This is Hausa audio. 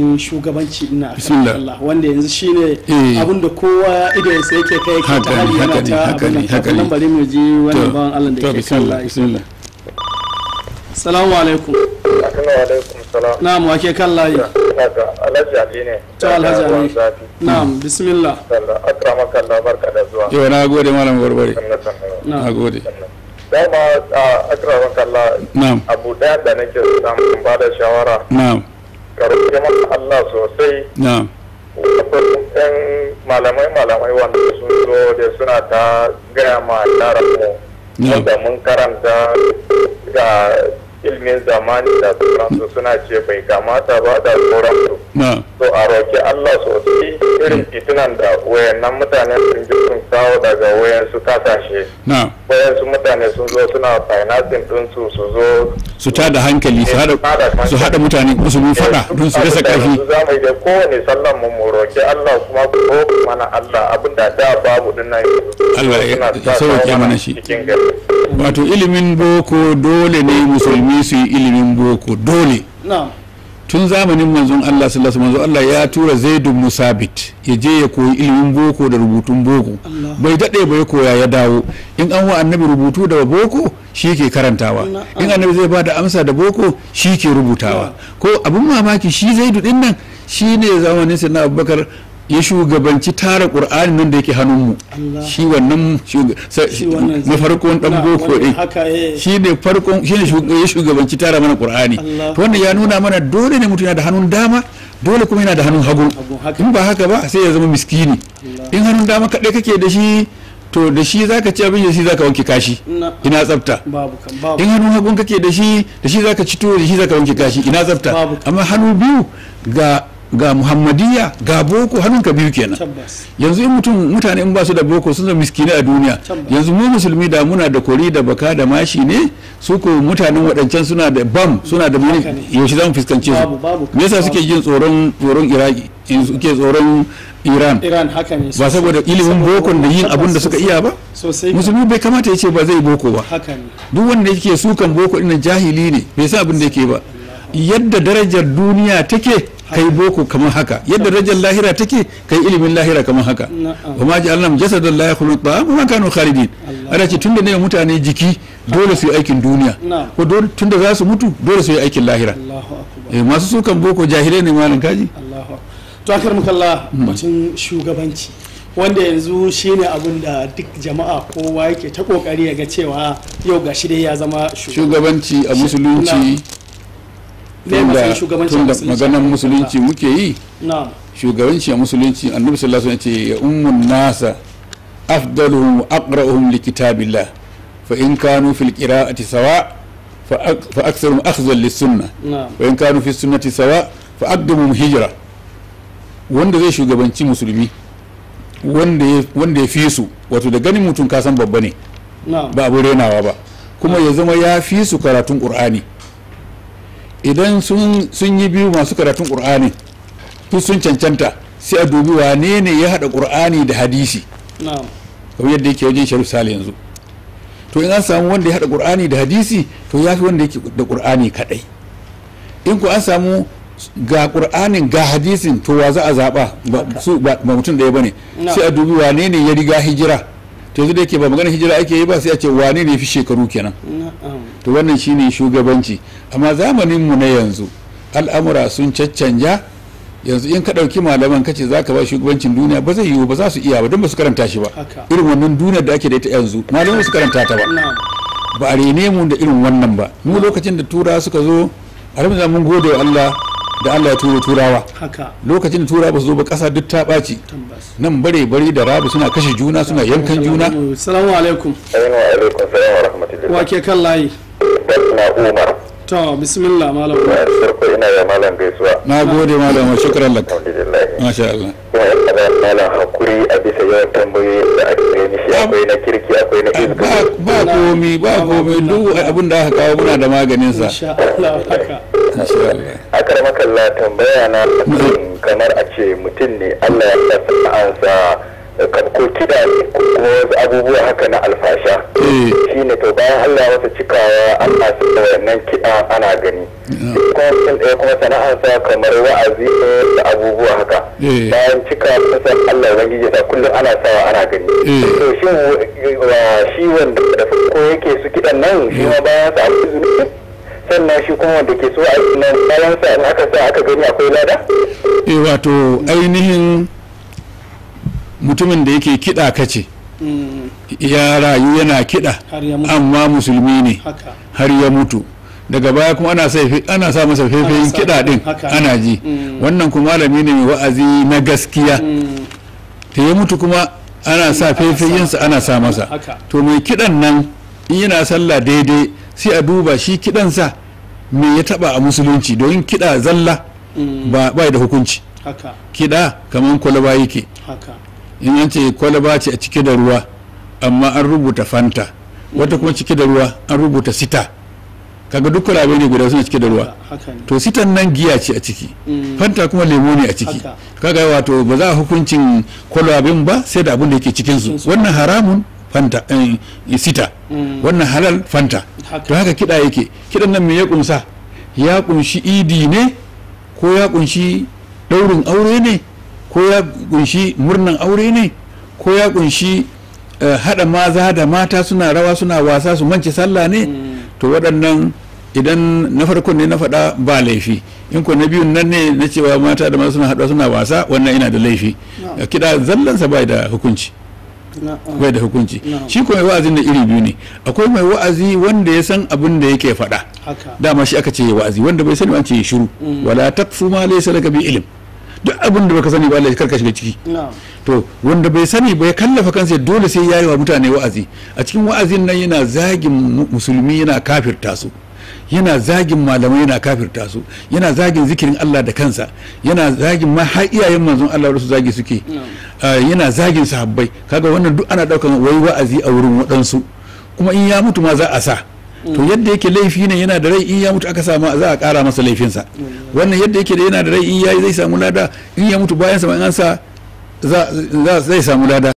in shugabanci ina Allah wanda yanzu shi ne eh. da kowa idan sai yake kai ta hali yana ta abin da nan bari mu na'am alhaji ali ne ta alhaji ali na'am bismillah Allah barka da zuwa yau na gode malam na gode dama Allah abu da da nake samun ba da shawara na'am karfi mana Allah sosai yan malamai-malamai wanda sun zo da suna ta gaya ma yaran mu wanda mun karanta ga ilmin zamani da sauransu suna ce bai kamata ba da sauransu to a roki Allah so sosai irin titunan da wayan nan mutane sun ji sun kawo daga wayan wayansu kasashe su mutane sun zo suna financing din su su zo su ta da hankali su hada mutane su mun fada eh, don su rasa karfi za mu da kowane sallan mu mu roki Allah kuma ku roki mana Allah abinda da babu din nan Allah ya sauke mana shi wato ilimin boko dole ne musulmi su yi ilimin boko dole na'am tun zamanin manzon Allah sallallahu alaihi manzon Allah ya tura Zaidun sabit ya je ya koyi ilimin boko da rubutun boko bai dade bai koya ya dawo in an wa annabi rubutu da boko shi ke karantawa ah. in annabi zai bada amsa da boko shi ke rubutawa ko abin mamaki shi Zaidu din nan shi ne zamanin na Abubakar ya shugabanci tara ƙur'anin nan da yake hannunmu shi wannan na farkon dan boko ɗin eh. shi ne farkon shi ne ya shugabanci tara mana ƙur'ani to wannan ya nuna mana dole ne mutum yana da hannun dama dole kuma yana da hannun hagu in ba haka ba sai ya zama miskini in hannun dama kaɗai kake da shi to da shi zaka ci abin da shi zaka wanke kashi ina tsafta in hannu hagun kake da shi da shi zaka ci tuwo da shi zaka wanke kashi ina tsafta amma hannu biyu ga ga muhammadiyya ga boko hannun ka biyu kenan yanzu in mutum mutane in ba su da boko sun zama miskini a duniya yanzu mu musulmi da muna da kori da baka da mashi ne su ko mutanen waɗancan suna da bam suna da mini yaushe za mu fuskance su me yasa suke jin tsoron tsoron iraki in suke tsoron iran ba saboda ilimin bokon da yin abun da suka iya ba musulmi bai kamata ya ce ba zai boko ba duk wanda yake sukan boko ina jahili ne bai sa abin da yake ba yadda darajar duniya take kai boko kamar haka yadda rajin lahira take kai ilimin lahira kamar haka wa ma ja'alna jasadan la yakulu ta'am wa kanu khalidin ana ce tunda ne mutane jiki dole su yi aikin duniya ko dole tunda za su mutu dole su yi aikin lahira eh, masu sukan boko jahilai ne malam kaji to akar mukalla hmm. batun shugabanci wanda yanzu shine abin da duk jama'a kowa yake ta kokari ya ga cewa yau gashi dai ya zama shugabanci a musulunci tunda tunda maganan musulunci muke yi shugabanci a musulunci annabi sallallahu alaihi wasallam ce ya ummun nasa afdaluhum wa aqra'uhum li kitabillah fa in kanu fil qira'ati sawa fa aktharuhum akhdhan lis sunnah wa in kanu fi sunnati sawa fa aqdamuhum hijra wanda zai shugabanci musulmi wanda ya fi su wato da ganin mutum kasan babba ne ba abu renawa ba kuma ya zama ya fi su karatun qur'ani idan sun yi biyu masu karatun ƙur'ani duk sun cancanta sai a dubi wane ne ya haɗa ƙur'ani da hadisi kamar yadda yake wajen sharif sali yanzu to in an samu wanda ya haɗa ƙur'ani da hadisi to ya fi wanda yake da ƙur'ani kaɗai in ku an samu ga ƙur'anin ga hadisin to wa za a zaɓa ba mutum ɗaya ba ne sai a dubi wane ne ya riga hijira to yanzu da yake ba magana hijira ake yi ba sai a ce wane ne fi shekaru kenan to wannan shine shugabanci amma zamanin mu na yanzu al'amura sun caccanja yanzu in ka ɗauki malaman kace za ka ba shugabancin duniya ba zai yiwu ba za su iya ba don ba su karanta shi ba irin wannan duniyar da ake da ita yanzu malaman ba su karanta ta ba ba a rene mu da irin wannan ba mu lokacin da tura suka zo a mun gode wa Allah da Allah ya turo turawa lokacin da turawa ba su zo ba kasa duk ta ɓaci nan bare bare da rabu suna kashe juna suna yankan juna salamu alaikum wa ke kan layi umar to bismillah malam ina da malam gaisuwa na gode malam shukran lak masha Allah kuma da malam hakuri a bisa yawan tambayoyi da ake yi shi akwai na kirki akwai na kirki ba komi ba komi duk abin da aka kawo muna da maganin sa insha Allah kalla tambaya na kamar a ce mutum ne Allah ya sa sana'ansa ko kida ne ko kuma wasu abubuwa haka na alfasha eh. shi ne to bayan Allah wasu cikawa Allah su wannan kiɗa ana gani kuma ɗaya kuma sana'ansa kamar wa'azi ne da abubuwa haka eh. bayan cika kusan Allah wani ya kullum ana sawa ana gani eh. to shi wanda da farko yake su kidan nan shi ma bayan sa abu sannan shi kuma wanda ke so a yi nan bayan sa in aka sa aka gani akwai lada? eh wato ainihin mutumin da yake kiɗa kace mm. ya rayu yana kiɗa amma musulmi ne har ya mutu daga baya kuma ana sa masa faifayin kiɗa din ana ji mm. wannan kuma malami ne mai wa'azi na gaskiya ta mm. ya mutu kuma ana sa faifayinsa ana sa masa to mai kiɗan nan in yana sallah daidai sai a duba shi kidansa me ya taba a musulunci don kida zalla mm. ba ba da hukunci kida kaman kwalaba yake in an ce kwalaba ce a cike da ruwa amma an rubuta fanta wata kuma cike da ruwa an rubuta sita kaga duk kwalabe ne guda suna cike da ruwa to sitan nan giya ce a ciki mm. fanta kuma lemo ne a ciki kaga wato ba za a hukuncin kwalabin ba sai da abin da yake su wannan haramun fanta eh, sita mm. wannan halal fanta to haka kiɗa yake kiɗan nan me ya kunsa ya kunshi idi ne ko ya kunshi ɗaurin aure ne ko ya kunshi murnan aure ne ko ya kunshi eh, haɗa maza da mata suna rawa suna wasa su manci sallah ne mm. to waɗannan idan na farkon ne na faɗa ba laifi in ko na biyun nan ne na cewa mata da maza suna haɗa suna wasa wannan ina da laifi kiɗa zallansa bai da hukunci Ah. bai da hukunci shi ko wa'azin da iri biyu ne akwai mai wa'azi wanda ya san abin da yake faɗa dama shi aka ce ya wa'azi wanda bai sani ba ce ya shiru mm. wala taqfu ma lai laka bi ilim duk abin da baka sani ba lai ya karka shiga ciki to wanda bai sani ba ya kallafa kansa dole sai yayi wa mutane wa'azi a cikin wa'azin nan yana zagin musulmi yana kafirta su yana zagin malamai yana kafirta su yana zagin zikirin Allah da kansa yana zagin ma har iyayen manzon Allah su zagi suke Eh, yana zagin sahabbai kaga wannan duk ana daukan wai wa'azi a wurin waɗansu kuma in ya mutu ma za a sa to yadda yake laifi ne yana da rai in ya mutu aka ma za a kara masa laifinsa wannan yadda yake da yana da rai in ya zai samu lada in ya mutu bayan sa an sa zai samu lada